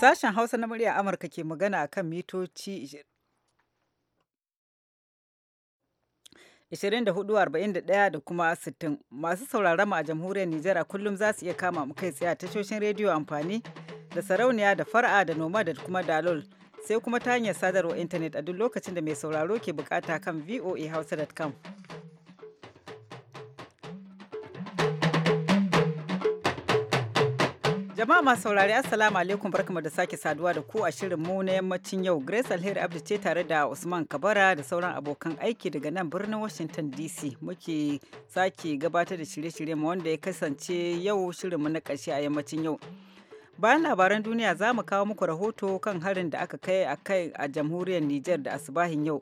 Sashen Hausa na murya Amurka ke magana a kan mitoci 24,41 da kuma 60 masu sauraron a jamhuriyar Nijar kullum za su iya kama mu kai tsaye a tashoshin rediyo amfani da sarauniya da fara'a da noma da kuma dalol sai kuma ta hanyar sadarwa intanet a duk lokacin da mai sauraro ke bukata kan voahausa.com. Jama'a masu saurari Assalamu alaikum barkamu da sake saduwa da ku a shirin mu na yammacin yau. Grace Alheri Abdu ce tare da Usman Kabara da sauran abokan aiki daga nan birnin Washington DC. Muke sake gabatar da shirye-shirye mu wanda ya kasance yau shirin mu na ƙarshe a yammacin yau. Bayan labaran duniya za mu kawo muku rahoto kan harin da aka kai a kai a jamhuriyar Nijar da asibahin yau.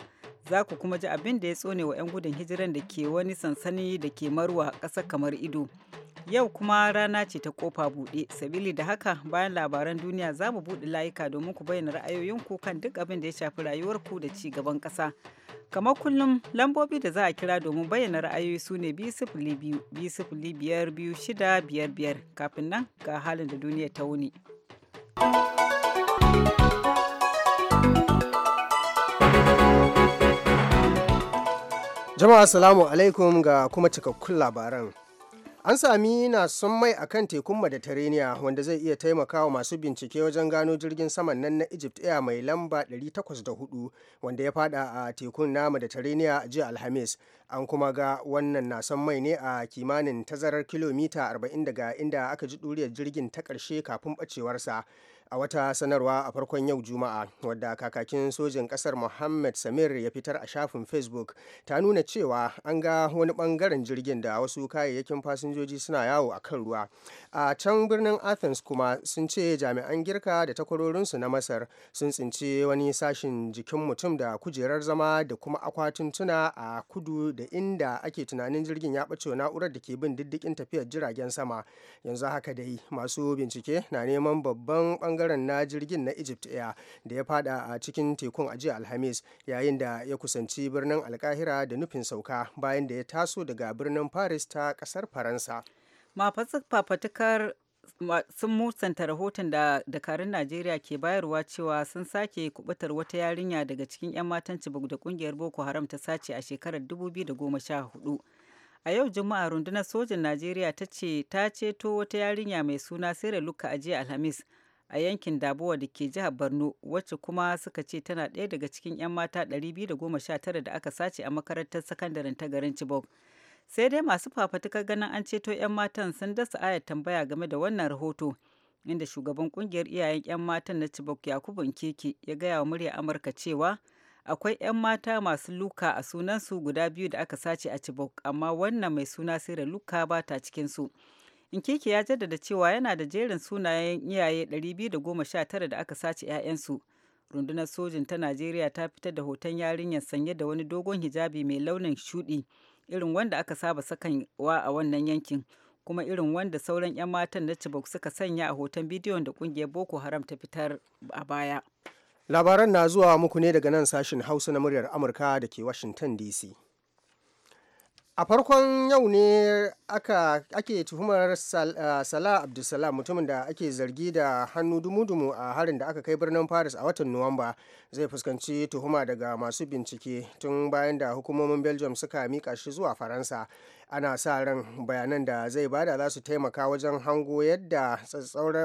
za ku kuma ji abin da ya tsone wa 'yan gudun hijiran da ke wani sansani da ke marwa ƙasar kamar ido yau kuma rana ce ta kofa buɗe sabili da haka bayan labaran duniya za mu buɗe layuka domin ku bayyana ra'ayoyinku kan duk abin da ya shafi rayuwarku da ci gaban ƙasa kamar kullum lambobi da za a kira domin bayyana ra'ayoyi su ne biyar biyu shida biyar biyar kafin nan ga halin da duniya ta wuni. jama'a salamu alaikum ga kuma cikakkun labaran an sami nasun mai a kan tekun mediterania wanda zai iya taimakawa masu bincike wajen gano jirgin saman nan na egypt air mai lamba 804 wanda ya fada a tekun na mediterania a jiya alhamis an kuma ga wannan nasan mai ne a kimanin tazarar kilomita 40 daga inda aka ji duriyar jirgin ta karshe kafin bacewarsa a wata sanarwa a farkon yau juma'a wadda kakakin sojin kasar mohammed samir ya fitar a shafin facebook ta nuna cewa an ga wani bangaren jirgin da wasu kayayyakin fasinjoji suna yawo a kan ruwa a can birnin athens kuma sun ce jami'an girka da takwarorinsu na masar sun tsinci wani sashin jikin mutum da kujerar zama da kuma akwatin tuna a kudu da inda ake tunanin jirgin ya ɓace na'urar da ke bin diddikin tafiyar jiragen sama yanzu haka dai masu bincike na neman babban bangaren bangaren na jirgin na egypt air da ya fada a cikin tekun a jiya alhamis yayin da ya kusanci birnin alkahira da nufin sauka bayan da ya taso daga birnin paris ta kasar faransa fafatukar sun musanta rahoton da dakarun najeriya ke bayarwa cewa sun sake kubutar wata yarinya daga cikin 'yan matan cibok da kungiyar boko haram ta sace a shekarar 2014 a yau juma'a rundunar sojin najeriya ta ce ta ceto wata yarinya mai suna da luka a jiya alhamis a yankin Dabuwa da ke jihar Borno wacce kuma suka ce tana ɗaya daga cikin 'yan mata 219 da aka sace a makarantar sakandaren ta garin Chibok. Sai dai masu fafatukar ganin an ceto 'yan matan sun dasa ayar tambaya game da wannan rahoto. Inda shugaban kungiyar iyayen 'yan matan na Chibok Yakubu Nkeke ya gaya wa murya Amurka cewa akwai 'yan mata masu luka a sunansu guda biyu da aka sace a Chibok amma wannan mai suna sirri Luka ba ta cikinsu. Nkeke ya jaddada cewa yana da jerin sunayen iyaye 219 da aka sace 'ya'yansu. Rundunar sojin ta Najeriya ta fitar da hoton yarinyar sanye da wani dogon hijabi mai launin shuɗi, irin wanda aka saba sakanwa a wannan yankin, kuma irin wanda sauran 'yan matan na Chibok suka sanya a hoton bidiyon da ƙungiyar Boko Haram ta fitar a baya. Labaran na zuwa muku ne daga nan sashen Hausa na muryar Amurka da ke Washington DC. a farkon yau ne ake tuhumar eh, salah abdulsalam mutumin da ake zargi da hannu dumu-dumu a harin da aka kai birnin paris a watan nuwamba zai fuskanci tuhuma daga masu bincike tun bayan da hukumomin belgium suka mika shi zuwa faransa ana sa ran bayanan da zai bada za su taimaka wajen hango yadda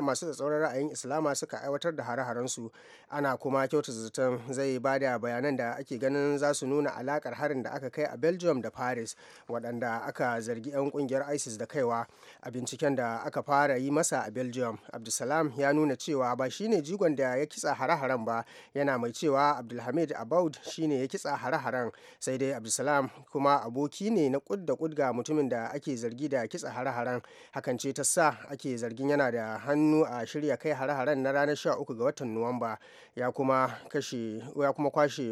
masu tsatsauran ra'ayin islama suka aiwatar da hare-harensu ana kuma kyautata zaton zai bada bayanan da ake ganin za su nuna alakar harin da aka kai a belgium da paris waɗanda aka zargi 'yan ƙungiyar isis da kaiwa a binciken da aka fara yi masa a belgium abdulsalam ya nuna cewa ba shine jigon da ya kitsa hare-haren ba yana mai cewa abdulhamid abaud shine ya kitsa hare-haren sai dai abdulsalam kuma aboki ne na kud da kud ga mutumin da ake zargi da kitsa hare-haren hakan ce ta sa ake zargin yana da hannu a shirya kai hare-haren na ranar 13 ga watan nuwamba ya kuma kashe kwashe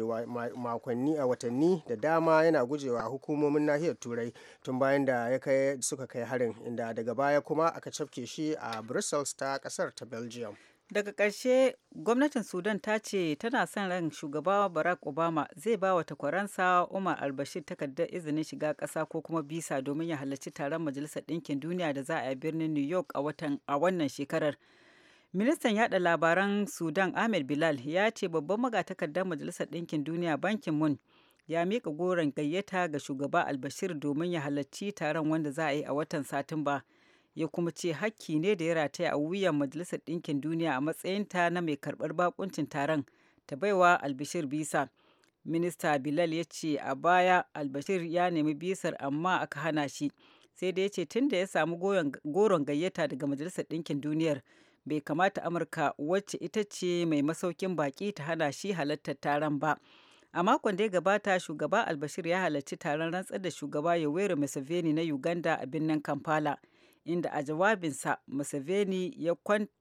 makonni a watanni da dama yana gujewa hukumomin nahiyar turai tun bayan da ya kai suka kai harin inda daga baya kuma aka cafke shi a brussels ta kasar ta belgium daga ƙarshe gwamnatin sudan ta ce tana son ran shugaba barack obama zai ba wa takwaransa umar albashir takardar izinin shiga ƙasa ko kuma bisa domin ya halarci taron majalisar ɗinkin duniya da za a yi birnin new york a watan a wannan shekarar ministan yaɗa labaran sudan ahmed bilal ya ce babban magatakardar majalisar ɗinkin duniya bankin mun ya miƙa goron gayyata ga shugaba albashir domin ya halarci taron wanda za a yi a watan satumba. ya kuma ce hakki ne da ya rataya a wuyan majalisar ɗinkin duniya a matsayinta na mai karɓar bakuncin taron ta baiwa albashir bisa minista bilal ya ce a baya albashir ya nemi bisar amma aka hana shi sai da ya ce tun da ya samu goron gayyata daga majalisar ɗinkin duniyar bai kamata amurka wacce ita ce mai masaukin baki ta hana shi halartar taron ba a makon da ya gabata shugaba albashir ya halarci taron rantsar da shugaba yoweri museveni na uganda a birnin kampala inda a jawabinsa Museveni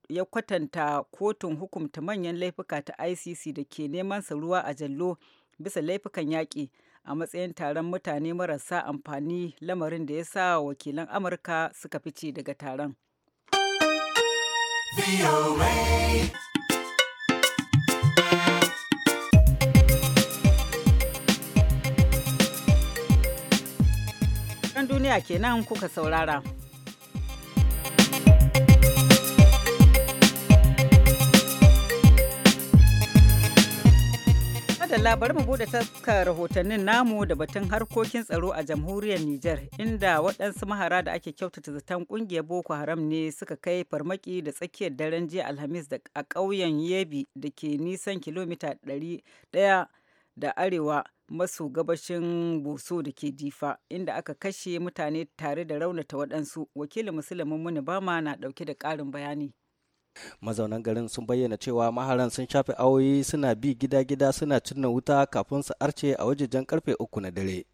ya kwatanta kotun hukumta manyan laifuka ta ICC da ke neman sa ruwa a jallo bisa laifukan yaƙi a matsayin taron mutane marasa amfani lamarin da ya sa wakilan Amurka suka fice daga taron. duniya kenan kuka saurara. Madalla bari mu bude taska rahotannin namu da batun harkokin tsaro a jamhuriyar Nijar inda waɗansu mahara da ake kyautata zaton ƙungiyar Boko Haram ne suka kai farmaki da tsakiyar daren jiya Alhamis da a ƙauyen Yebi da ke nisan kilomita 100 da arewa maso gabashin Boso da ke Difa inda aka kashe mutane tare da raunata waɗansu. Wakilin Musulmin Muni na ɗauke da ƙarin bayani. mazaunan garin sun bayyana cewa maharan sun shafe awoyi suna bi gida-gida suna cinna wuta kafin su arce a wajejen karfe uku na dare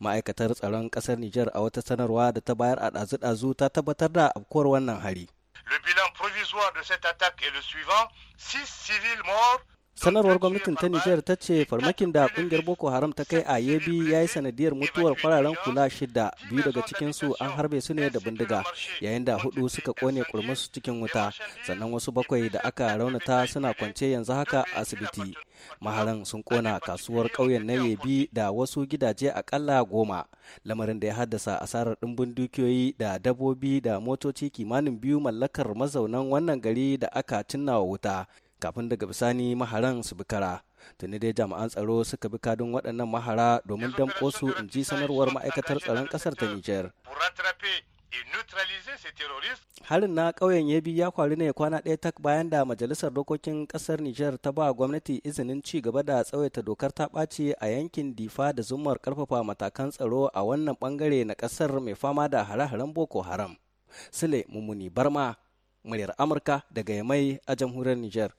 ma'aikatar tsaron kasar niger a wata sanarwa da ta bayar a ɗazu-ɗazu ta tabbatar da afkuwar wannan hari Le bilan provisoire de cette attaque est le suivant. Six civils morts, sanarwar gwamnatin ta nijar ta ce farmakin da kungiyar boko haram ta kai a yebi ya yi sanadiyar mutuwar fararen kula shida biyu daga cikinsu an harbe su ne da bindiga yayin da hudu suka kone kurmusu cikin wuta sannan wasu bakwai da aka raunata suna kwance yanzu haka asibiti maharan sun kona kasuwar ƙauyen na yebi da wasu gidaje akalla goma lamarin da ya haddasa asarar ɗimbin dukiyoyi da dabbobi da motoci kimanin biyu mallakar mazaunan wannan gari da aka cinna wa wuta kafin daga bisani maharan su bi kara tuni dai jami'an tsaro suka bi kadin waɗannan mahara domin damƙo su in ji sanarwar ma'aikatar tsaron ƙasar ta Nijar. Harin na ƙauyen yabi ya kwaru ne kwana ɗaya tak bayan da Majalisar Dokokin ƙasar Nijar ta ba gwamnati izinin ci gaba da tsawaita dokar ta ɓaci a yankin Difa da zumar ƙarfafa matakan tsaro a wannan ɓangare na ƙasar mai fama da hare-haren Boko Haram. Sule Mumuni Barma, muryar Amurka daga Yamai a jamhuriyar Nijar.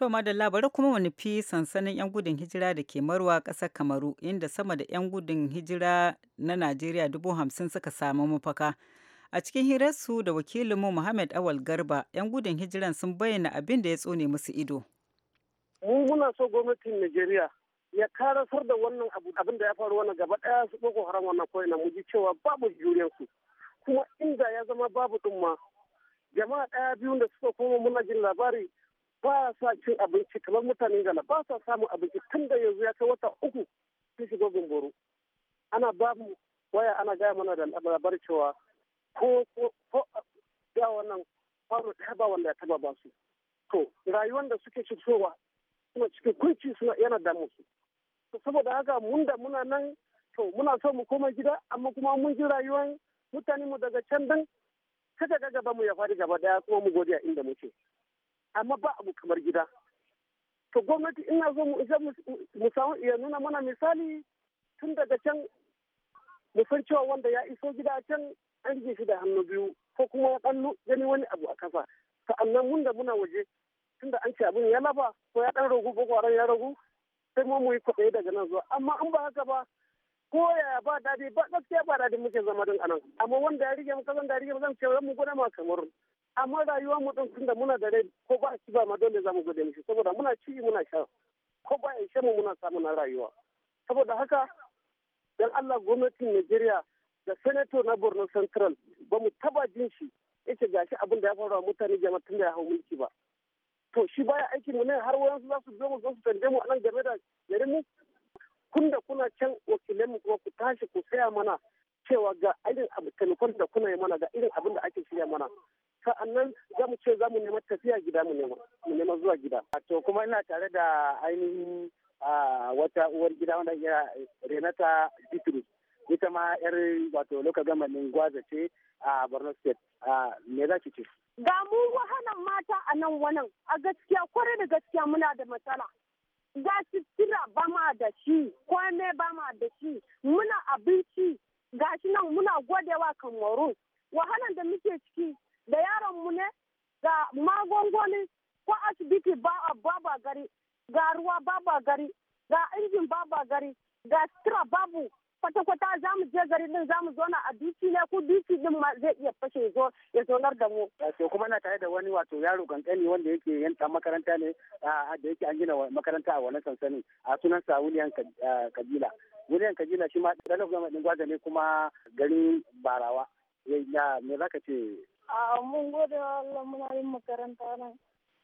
To madalla bari kuma mu nufi sansanin 'yan gudun hijira da ke marwa ƙasar Kamaru inda sama da 'yan gudun hijira na Najeriya dubu hamsin suka samu mafaka. A cikin hirarsu da wakilinmu Muhammad Awal Garba, 'yan gudun hijiran sun bayyana abin da ya tsone musu ido. Mun muna so gwamnatin Najeriya ya karasar da wannan abin da ya faru wannan gaba ɗaya su boko haram wannan ko mu cewa babu juriyarsu kuma inda ya zama babu ɗin jama'a ɗaya biyun da suka koma muna jin labari ba sa cin abinci kamar mutanen gana ba sa samun abinci tun da yanzu ya kai wata uku sun shiga gumboro ana ba mu waya ana gaya mana da labar cewa ko ko da wannan faru ta ba wanda ya taba ba su to rayuwar da suke cewa suna cikin kunci suna yana damu su saboda haka mun da muna nan to muna so mu koma gida amma kuma mun ji rayuwar mutane mu daga can din kada ga gaba mu ya faɗi gaba daya kuma mu godiya inda muke amma ba abu kamar gida to gwamnati ina zo mu isa mu samu iya nuna mana misali tun daga can mu san cewa wanda ya iso gida can an rike shi da hannu biyu ko kuma ya kallo gani wani abu a kasa sa'annan mun da muna waje tunda an ce abin ya laba ko ya ɗan ragu ko kwaran ya ragu sai mu mu yi kwaɗayi daga nan zuwa amma an ba haka ba ko ya ba daɗi ba gaskiya ba daɗi muke zama don anan amma wanda ya rike mu kasan da ya rike mu zan ce mu gwada ma kamar amma rayuwar mu din tunda muna da rai ko ba a ba ma dole za mu gode mishi saboda muna ci muna sha ko ba in mu muna samu na rayuwa saboda haka dan Allah gwamnatin Najeriya da senator na Borno Central ba mu taba jin shi yace gashi abin da ya faru wa mutane jama'a tun ya hau mulki ba to shi baya aikin mu ne har wayansu za su zo mu zo su tambaye mu anan game da garin mu kun da kuna can wakilan mu kuma ku tashi ku saya mana cewa ga irin abu telefon da kuna yi mana ga irin abin da ake shirya mana sa'annan za mu ce za mu nema tafiya gida mu nema mu nema zuwa gida to kuma ina tare da ainihin wata uwar gida wanda ya renata bitrus ita ma yar wato loka gamanin gwaza ce a borno state me za ki ce ga mu wahalan mata a nan wannan a gaskiya kwarai da gaskiya muna da matsala ga sutura ba ma da shi kome ba ma da shi muna abinci gashi nan muna gwadewa kamaru wahalan da muke ciki da yaron mu ne ga magungoni ko asibiti ba a baba gari ga ruwa baba gari ga injin baba gari ga sutura babu kwata-kwata za mu je gari din za mu zauna a duci ne ko duci din ma zai iya fashe zo ya zaunar da mu. Eh, kuma na tare da wani wato yaro gankani wanda yake yanta makaranta ne a da yake an gina makaranta a wani sansani a sunan sa William Kabila. William Kabila shi ma ɗan ɗan gwaza ne kuma garin Barawa. Eh, ya Me za ka ce a mun gode wa Allah muna yin makaranta nan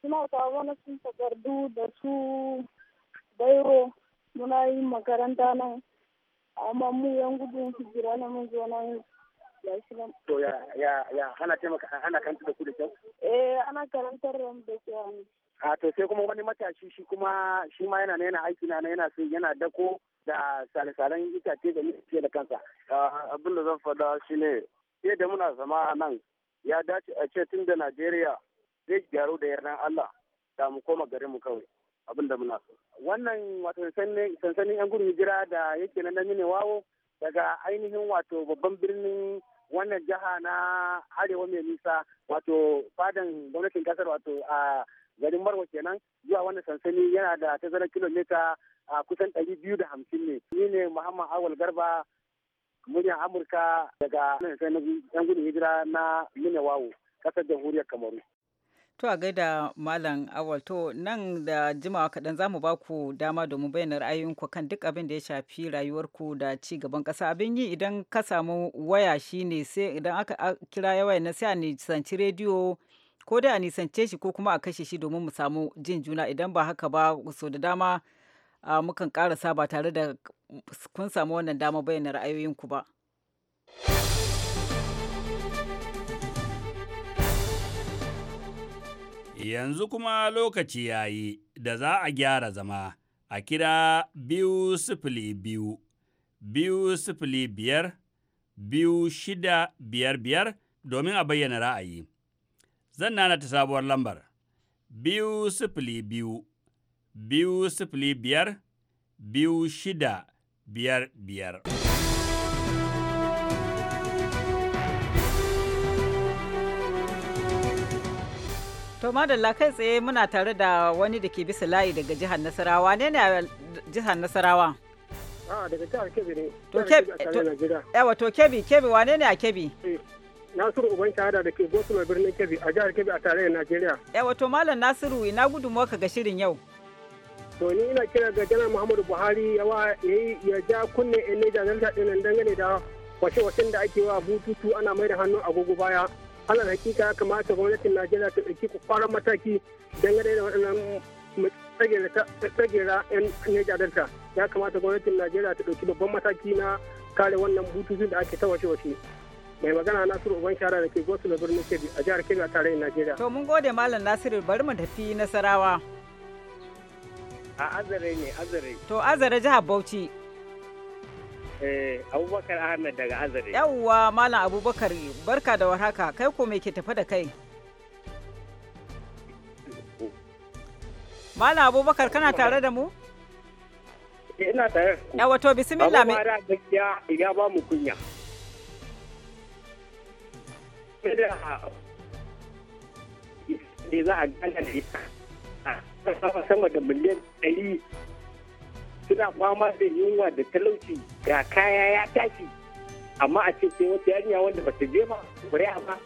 suna kawo na sun takardu da su bairo muna yin makaranta nan amma mu yan gudun hijira na mun zo nan to ya ya ya ana taimaka ana karanta da ku da kyau eh ana karantar da mu kyau a to sai kuma wani matashi shi kuma shi ma yana yana aiki na yana sai yana dako da sale-salen itace da yake da kansa abin da zan faɗa shi ne. sai da muna zama a nan ya dace a ce tun da najeriya zai gyaru da yardan allah da mu koma gare mu kawai abin da muna so wannan wato sansanin yan gudun hijira da yake na ne wawo daga ainihin wato babban birnin wannan jiha na arewa mai nisa wato fadan gwamnatin kasar wato a garin marwa kenan zuwa wannan sansani yana da tazarar kilomita kusan ɗari biyu da hamsin ne ni ne muhammad awal garba muryar Amurka daga yan gudun hijira na Minewawo, kasar jamhuriyar Kamaru. To a gaida Malam Awal to nan da jimawa kaɗan za mu ba ku dama domin bayyana ra'ayinku kan duk abin da ya shafi rayuwarku da ci gaban ƙasa. Abin yi idan ka samu waya shine sai idan aka kira yawa na sai a nisanci rediyo ko da a nisance shi ko kuma a kashe shi domin mu samu jin juna idan ba haka ba so da dama mukan karasa ba tare da kun samu wannan dama bayyana ra'ayoyinku ba. Yanzu kuma lokaci ya yi da za a gyara zama a kira biyu sifili biyu, biyu sifili biyar, biyu shida biyar biyar domin a bayyana ra'ayi. Zan nana ta sabuwar lambar, biyu sifili biyu. biyu sifili biyar biyu shida biyar biyar. To madalla kai tsaye muna tare da wani da ke bisa layi daga jihar Nasarawa ne ne jihar Nasarawa? Ah, daga jihar Kebbi ne. To Kebbi, yawa to Kebbi, Kebbi wane ne a Kebbi? Eh, Nasiru Uban Shahada da ke Gosu birnin Kebbi a jihar Kebbi a tarayyar Najeriya. Yawa to Malam Nasiru ina gudunmuwa ka ga shirin yau. to ni ina kira ga janar muhammadu buhari ya ja kunne in ne janarta ɗin dangane da washe-washen da ake wa bututu ana mai da a agogo baya ana hakika ya kamata gwamnatin najeriya ta ɗauki kwaran mataki dangane da waɗannan tsagera 'yan neja delta ya kamata gwamnatin najeriya ta ɗauki babban mataki na kare wannan bututun da ake ta washe-washe mai magana nasiru uban shara da ke gosu da birnin kebbi a jihar kebbi a tarayyar najeriya to mun gode malam nasiru bari mu tafi nasarawa A Azare ne, Azare. To Azare jihar Bauchi. Eh, Abubakar Ahmed daga Azare. Yawwa Malam Abubakar, barka da warhaka. Kai ko me ke tafi da kai? Malam Abubakar kana tare da mu? Eh, ina tare. Yawwa to bismillah me. Abubakar gaskiya ya ba mu kunya. Ne za a gane da ita. kasashe sama da miliyan ɗari suna fama da yunwa da talauci ga kaya ya tashi amma a ce sai wata yarinya wanda ba ta je ma kuri'a ba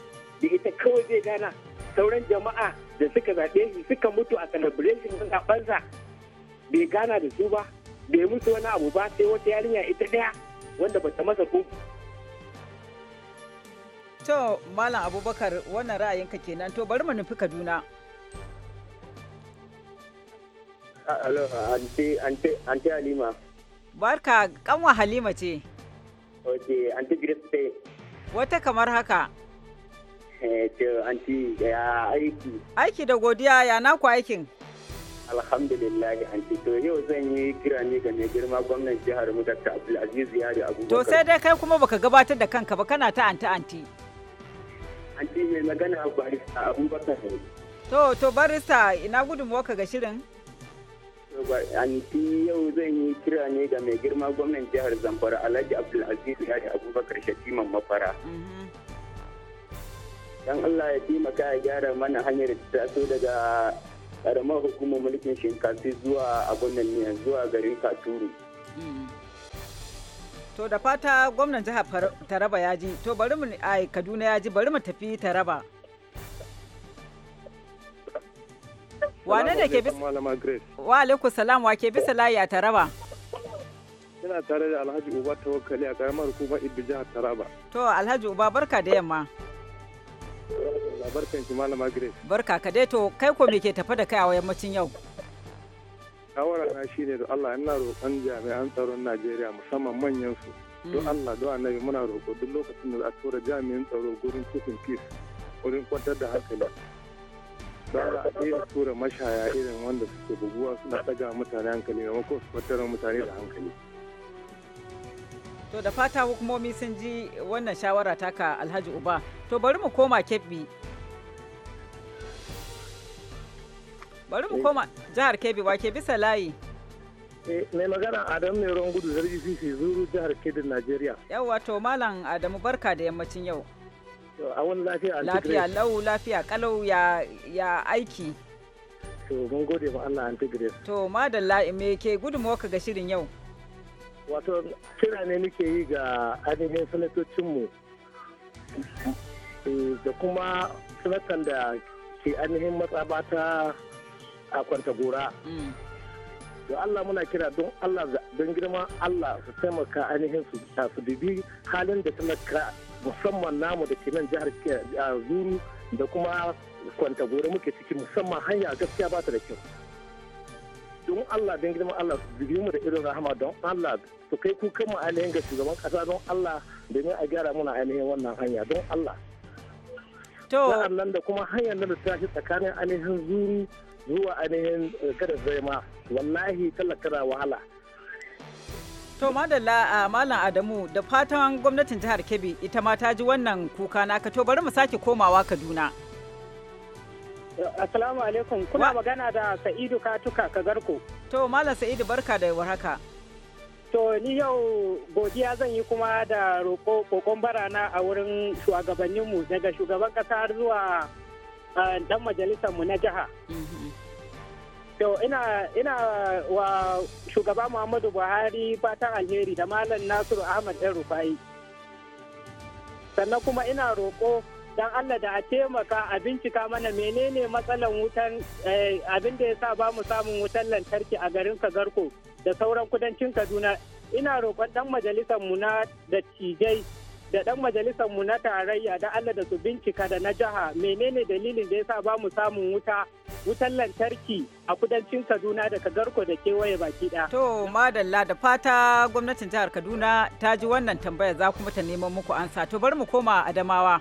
da ita kawai zai gana sauran jama'a da suka zaɓe shi suka mutu a celebration na zaɓensa bai gana da su ba bai musu wani abu ba sai wata yarinya ita ɗaya wanda ba ta masa ko to malam abubakar wannan ra'ayinka kenan to bari mu nufi kaduna Alo, Halima. Barka, kanwa Halima ce. Ok, anti Grace ce. Wata kamar haka. Eh, to anti ya aiki. Aiki da godiya ya naku aikin. Alhamdulillah anti to yau zan yi kira ne ga mai girma gwamnan jihar mu Dr. Abdulaziz Yari Abubakar. To sai dai kai kuma baka gabatar da kanka ba kana ta anti anti. Anti mai magana barista Abubakar. To to barista ina gudunmuwa ka ga shirin? Anti yau zan yi kira ne ga mai girma gwamnan jihar Zamfara Alhaji Abdulaziz yi Abubakar Shatiman Mafara. Mm-hmm. Dan Allah ya taimaka ya gyara mana hanyar da taso daga karamar hukumar mulkin shinkafi zuwa abun nan zuwa garin Katuru. Mm-hmm. To da fata gwamnan jihar Taraba ya ji, to bari mu Kaduna ya ji bari mu tafi Taraba. wane da ke bi. wa alaiku salam wa ke bisa layi a taraba ina tare da alhaji uba tawakkali a karamar hukumar ibi jihar taraba to alhaji uba barka da yamma barkan ki malama grace barka ka dai to kai ko me ke tafa da kai a yammacin yau shawara na shine da Allah ina roƙon jami'an tsaron Najeriya musamman manyan su hmm. don Allah don annabi muna roƙo duk lokacin da za a tura jami'in tsaro gurin cikin peace wurin kwantar da hankali da a daina tura mashaya irin wanda suke buguwa suna daga mutane hankali maimakon su kwatar mutane da hankali to da fata hukumomi sun ji wannan shawara taka alhaji uba to bari mu koma kebbi bari mu eh. koma jihar kebbi wa ke bisa layi eh, mai magana Adamu ne ruwan gudu zargi sisi zuru jihar kebbi najeriya Yawwa to malam adamu barka da yammacin yau lafiya lau lafiya kalau ya ya aiki to mun gode ma Allah anti Grace to madalla me ke gudun ka ga shirin yau wato kira ne nake yi ga ainihin mu eh, da kuma sanatan da ke ainihin matsaba ta a kwanta gora mm. da Allah muna kira don Allah don girman Allah su taimaka ainihin su dubi halin da talaka musamman namu da ke nan jihar zuru da kuma kwanta gore muke ciki musamman hanya gaskiya ba ta da kyau don Allah don girman Allah su zubi mu da irin rahama don Allah su kai kukan mu ainihin ga shugaban kasa don Allah domin a gyara muna ainihin wannan hanya don Allah to nan da kuma hanyar da ta shi tsakanin ainihin zuru zuwa ainihin kada eh, zai ma wallahi talakara wahala To madalla a Malam Adamu da fatan gwamnatin jihar Kebbi ita ma ta ji wannan kuka na to bari mu sake komawa Kaduna. Assalamu alaikum kuna magana da Sa'idu Katuka garko. To Malam Sa'idu barka da warhaka. To ni yau godiya zan yi kuma da roƙo kokon barana a wurin shugabanninmu daga shugaban ƙasa zuwa dan mu na jiha. Mhm. To ina ina wa shugaba Muhammadu Buhari fatan alheri da Malam Nasiru Ahmad ɗan Rufai. Sannan kuma ina roƙo don Allah da a taimaka a bincika mana menene matsalan wutan eh, abin da ya sa ba mu samun wutan lantarki a garin Kagarko da sauran kudancin Kaduna. Ina roƙon ɗan majalisar mu na dattijai da dan majalisar mu na tarayya da Allah da su bincika da na jiha menene dalilin da yasa ba mu samun wuta wutar lantarki a kudancin Kaduna daga Garko da kewaye baki ɗaya. To madalla da fata gwamnatin jihar Kaduna ta ji wannan tambaya za kuma ta neman muku ansa to bari mu koma Adamawa.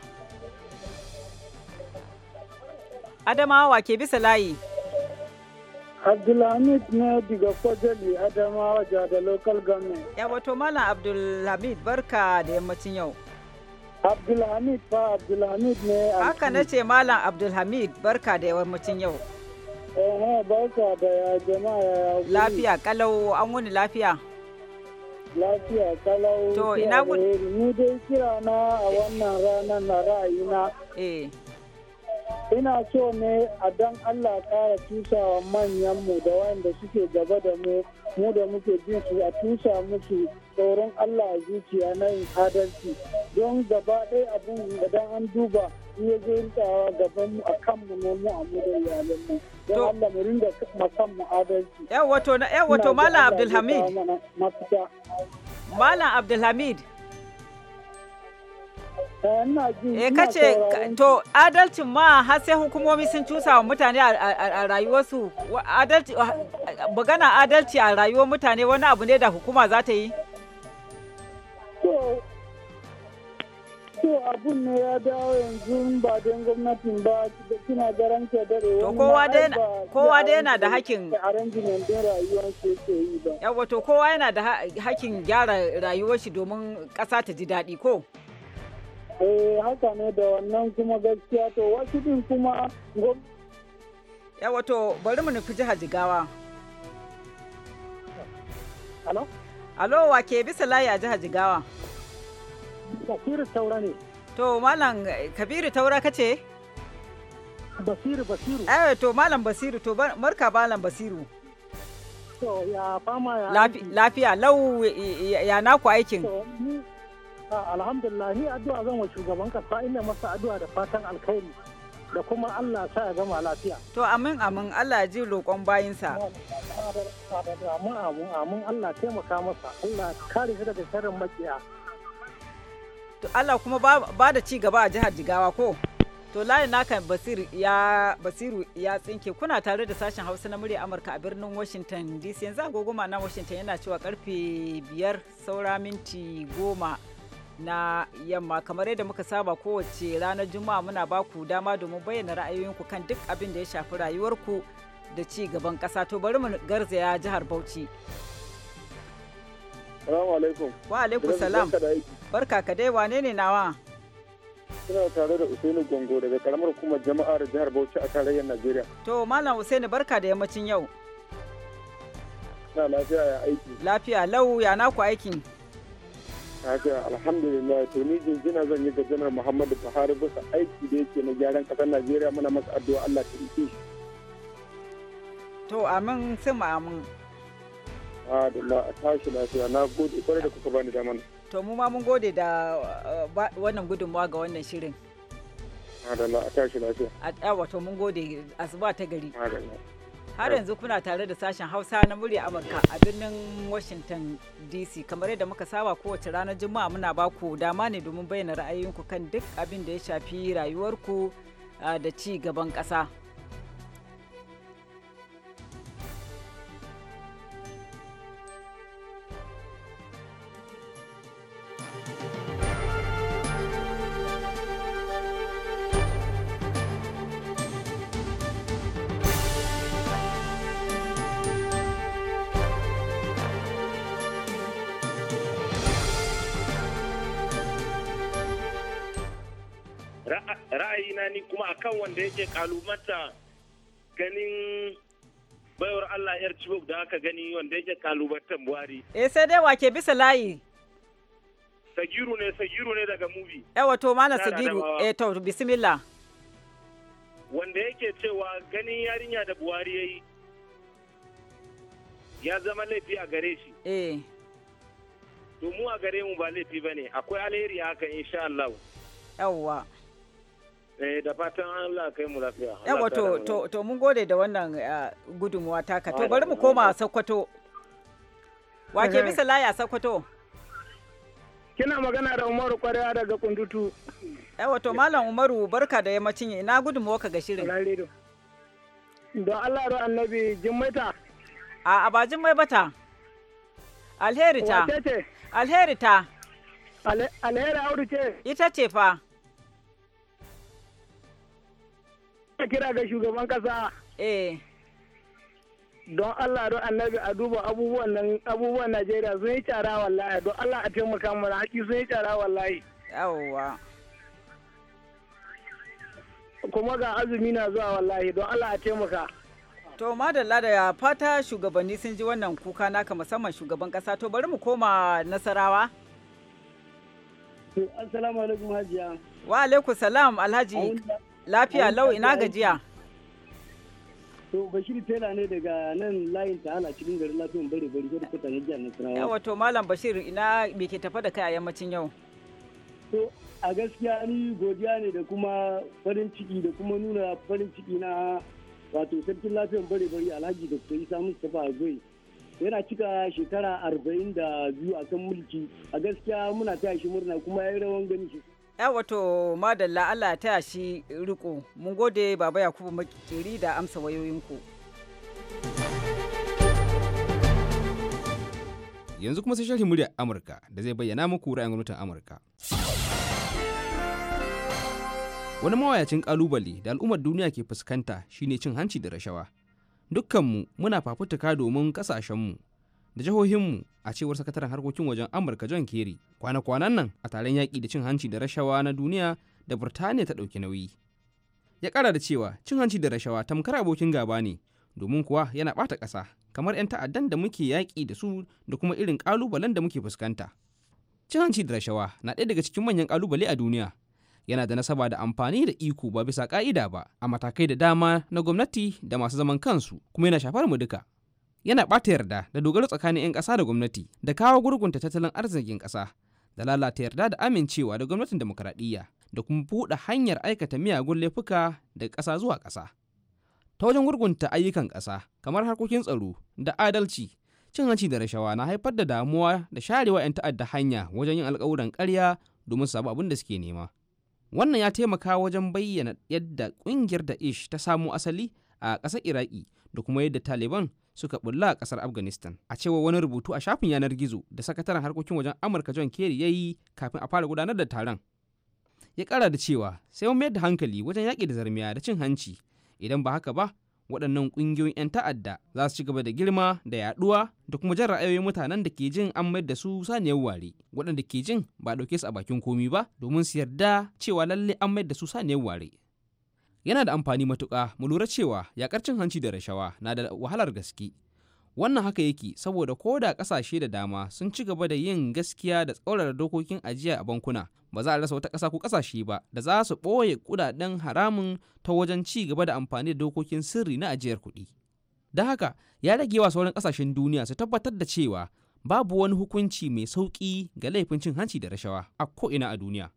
Adamawa ke bisa layi. Abdulhamid ne daga Kwajali Adamawa da local government. Ya wato Malam Abdulhamid barka da yammacin yau. Abdulhamid fa Abdulhamid ne. Haka na ce Malam Abdulhamid barka da yammacin yau. Eh barka da ya jama'a ya Lafiya kalau an wani lafiya. Lafiya kalau. To ina gudu. Ni dai kira na a wannan ranar na ra'ayina. Eh. ina so ne a don allah ƙara tusawa manyanmu da wanda suke gaba da mu mu da muke bin su a tusa musu tsoron allah a zuciya na yin adalci don gaba ɗaya abin idan an duba iya zai gaban mu a kanmu ne mu a mu da mu don allah mu ringa mu adalci yawa wato malam abdulhamid malam abdulhamid E kace to adalcin ma har sai hukumomi sun cusa wa mutane a rayuwarsu adalci bugana adalci a rayuwar mutane wani abu ne da hukuma za ta yi? To to abun ne ya dawo yanzu ba don gwamnatin ba da kina garan ke dare to kowa dai yana da hakkin arrangement din rayuwar shi yake yi ba. Yawwa to kowa yana da hakkin gyara rayuwar shi domin ƙasa ta ji daɗi ko? eh haka ne da wannan kuma gaskiya to wasu din kuma ya wato bari mu nufi jihar jigawa alo alo wa ke bisa laya jihar jigawa kabiru taura ne to malam kabiru taura ka ce basiru basiru eh to malam basiru to marka malam basiru to ya fama ya lafiya lau ya naku aikin alhamdulillah ni addu'a zan wa shugaban kasa ina masa addu'a da fatan alkhairi da kuma Allah sa ya gama lafiya. To amin amin Allah ji roƙon bayinsa. Amin amin amin Allah taimaka masa Allah kare shi daga sharrin makiya. To Allah kuma ba da ci gaba a jihar Jigawa ko? To layin naka Basiru ya Basiru ya tsinke kuna tare da sashen Hausa na murya Amurka a birnin Washington DC yanzu agogoma na Washington yana cewa karfe biyar saura minti goma na yamma kamar yadda muka saba kowace ranar juma'a muna ba ku dama domin bayyana ra'ayoyinku kan duk abin da ya shafi rayuwarku da ci gaban ƙasa to bari mu garzaya jihar bauchi Salamu alaikum. Wa alaikum salam. Barka ka dai wane ne nawa? Suna tare da Usaini Gongo daga karamar kuma jama'ar jihar Bauchi a tarayyar Najeriya. To Malam Usaini barka da yammacin yau. Na lafiya ya aiki. Lafiya lau ya naku aikin. haka alhamdulillah to ni jinjina zan yi ga janar muhammadu buhari bisa aiki da yake na gyaran kasar najeriya muna masa addu'a allah ta ike to amin sun amin adalla a tashi lafiya na gode kwarai da kuka bani damar to mu ma mun gode da uh, wannan gudunmawa ga wannan shirin adalla a tashi lafiya a wato mun gode asuba ta gari adalla har yanzu kuna tare da sashen hausa na murya amurka a birnin washington dc kamar yadda muka saba kowace ranar juma'a muna baku dama ne domin bayyana ra'ayinku kan duk abin da ya shafi rayuwarku ah, da ci gaban ƙasa bayani kuma akan wanda yake kalumanta ganin baiwar Allah yar Chibok da aka gani wanda yake kalubantan Buhari. Eh sai dai wake bisa layi. Sagiru ne Sagiru ne daga mubi. Eh wato mana Sagiru eh to bismillah. Wanda yake cewa ganin yarinya da Buhari yayi ya zama laifi a gare shi. Eh. To mu a gare mu ba laifi bane akwai alheri haka insha Allah. Yawwa. Eh da fatan Allah kai mu lafiya. Yawa to to to mun gode da wannan eh, gudunmuwa taka. To bari mu koma Sokoto. Wake bisa laya Sokoto. Kina magana da Umaru Kwarewa daga Kundutu. Yawa to Malam Umaru barka da yammacin ina gudunmuwa ka ga shirin. Don Allah ro annabi ta? A ba jimmai ta. Alheri ta. Alheri ta. Alheri Audu ce. Ita ce fa. ina kira ga shugaban kasa eh don Allah don annabi a duba abubuwan nan abubuwan Najeriya sun yi tsara wallahi don Allah a taimaka mana haƙi sun yi tsara wallahi yawwa kuma ga azumi na zuwa wallahi don Allah a taimaka to madalla da ya fata shugabanni sun ji wannan kuka naka musamman shugaban kasa to bari mu koma nasarawa assalamu alaikum hajiya wa alaikum salam alhaji Lafiya lau ina gajiya. To Bashir Tela ne daga nan layin ala cikin garin lafiyan bari bari da kuta na jihar Nasarawa. Yawa to Malam Bashir ina me ke tafa da kai a yammacin yau? To a gaskiya ni godiya ne da kuma farin ciki da kuma nuna farin ciki na wato sarkin lafiyan bari bari Alhaji da kuka Isa Mustafa Agoy. Yana cika shekara arba'in da biyu a kan mulki a gaskiya muna taya shi murna kuma ya yi rawan gani shi. ya wato madalla Allah ta shi riko mun gode baba yakubu makiri da amsa wayoyinku yanzu kuma sai sharhin murya amurka da zai bayyana muku ra'ayin gwamnatin amurka wani mawayacin kalubale da al'ummar duniya ke fuskanta shine cin hanci da rashawa dukkanmu muna fafutuka domin kasashenmu da jihohinmu a cewar sakataren harkokin wajen amurka john kerry kwana-kwanan nan a taron yaƙi da cin hanci da rashawa na duniya da burtaniya ta ɗauki nauyi ya ƙara da cewa cin hanci da rashawa tamkar abokin gaba ne domin kuwa yana ɓata ƙasa kamar 'yan ta'addan da muke yaƙi da su da kuma irin ƙalubalen da muke fuskanta cin hanci da rashawa na ɗaya daga cikin manyan ƙalubale a duniya yana da nasaba da amfani da iko ba bisa ƙa'ida ba a matakai da dama na gwamnati da masu zaman kansu kuma yana shafar mu duka yana ɓata yarda da dogaro tsakanin 'yan ƙasa da gwamnati da kawo gurgunta tattalin arzikin ƙasa da lalata yarda da amincewa da gwamnatin demokuraɗiyya da kuma buɗe hanyar aikata miyagun laifuka daga kasa zuwa ƙasa ta wajen gurgunta ayyukan ƙasa kamar harkokin tsaro da adalci cin hanci da rashawa na haifar da damuwa da sharewa 'yan ta'adda hanya wajen yin alkawuran karya domin su abin da suke nema wannan ya taimaka wajen bayyana yadda ƙungiyar da ish ta samo asali a ƙasar iraki da kuma yadda taliban suka bulla a kasar afghanistan a cewa wani rubutu a shafin yanar gizo da sakataren harkokin wajen amurka john kerry ya yi kafin a fara gudanar da taron ya kara da cewa sai mun mayar da hankali wajen yaki da zarmiya da cin hanci idan ba haka ba waɗannan ƙungiyoyin 'yan ta'adda za su ci gaba da girma da yaɗuwa da kuma jan ra'ayoyin mutanen da ke jin an mayar da su saniyar ware waɗanda ke jin ba ɗauke su a bakin komi ba domin su yarda cewa lalle an mayar da su saniyar ware yana da amfani matuƙa mu lura cewa yakar cin hanci da rashawa na da wahalar gaske wannan haka yake saboda ko da ƙasashe da dama sun ci gaba da yin gaskiya da tsaurara dokokin ajiya a bankuna ba za a rasa wata ƙasa ko ƙasashe ba da za su ɓoye kuɗaɗen haramun ta wajen ci gaba da amfani da dokokin sirri na ajiyar kuɗi da haka ya rage wa sauran ƙasashen duniya su tabbatar da cewa babu wani hukunci mai sauƙi ga laifin cin hanci da rashawa a ko'ina a duniya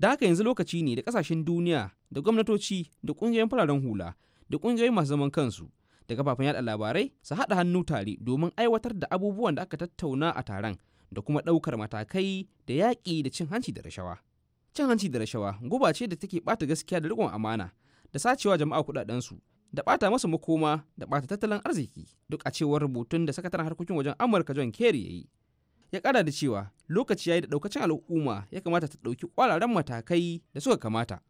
da haka yanzu lokaci ne da kasashen duniya da gwamnatoci da kungiyoyin fararen hula da kungiyoyin masu zaman kansu da kafafen yada labarai su haɗa hannu tare domin aiwatar da abubuwan da aka tattauna a taron da kuma ɗaukar matakai da yaƙi da cin hanci da rashawa cin hanci da rashawa guba ce da take ɓata gaskiya da riƙon amana da sacewa jama'a kuɗaɗensu da ɓata masa makoma da ɓata tattalin arziki duk a cewar rubutun da sakataren harkokin wajen amurka john kerry ya yi ya kara da cewa lokaci ya yi da daukacin al'umma ya kamata ta ɗauki kwararan matakai da suka kamata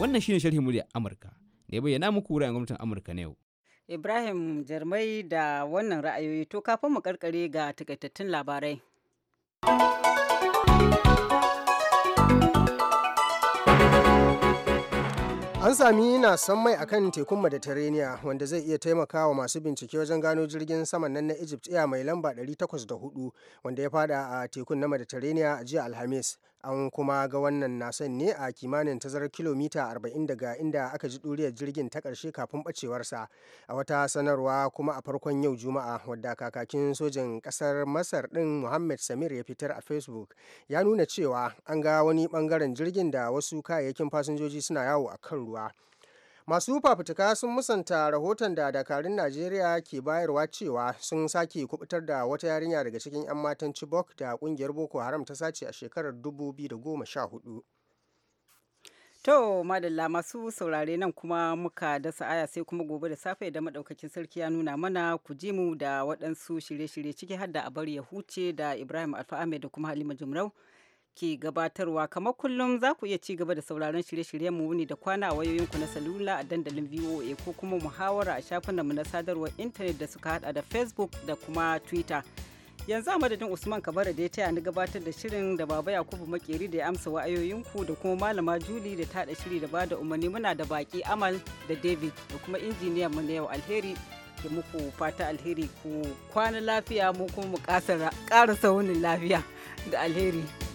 wannan shine sharhin murya amurka da ya bayyana muku ra'ayin gwamnatin amurka na yau ibrahim jarmai da wannan ra'ayoyi to kafin mu karkare ga takaitattun labarai an sami nasan mai akan tekun mediterania wanda zai iya taimakawa masu bincike wajen gano jirgin saman nan na egypt iya mai lamba 804 wanda ya fada a tekun na mediterania a jiya alhamis an kuma ga wannan nasan ne a kimanin tazarar kilomita 40 daga inda aka ji duriyar jirgin ta ƙarshe kafin ɓacewarsa a wata sanarwa kuma a farkon yau juma'a wadda kakakin sojin ƙasar masar ɗin muhammad samir ya fitar a facebook ya nuna cewa an ga wani ɓangaren jirgin da wasu kayayyakin fasinjoji suna yawo a kan ruwa masu fafutuka sun musanta rahoton da dakarun najeriya ke bayarwa cewa sun sake kubutar da wata yarinya daga cikin 'yan matan chibok da kungiyar boko haram ta sace a shekarar 2014 To madalla masu saurare nan kuma muka dasa aya sai kuma gobe da safe da madaukakin sarki ya nuna mana ku ji mu da waɗansu shirye-shirye ciki har da a bari ya huce da Ibrahim alfa'ame da kuma Halima Jumrau ke gabatarwa kamar kullum za ku iya ci gaba da sauraron shirye-shiryen mu ne da kwana a wayoyinku na salula a dandalin VOA ko kuma muhawara a shafinanmu na sadarwar intanet da suka hada da Facebook da kuma Twitter. Yanzu a madadin Usman Kabara da ya taya ni gabatar da shirin da Baba Yakubu Makeri da ya amsa wa'ayoyinku da kuma Malama Juli da tada shiri da bada umarni muna da baki Amal da David da kuma injiniyan mu na yau Alheri ke muku fata alheri ku kwana lafiya mu kuma mu ƙara saunin lafiya da alheri.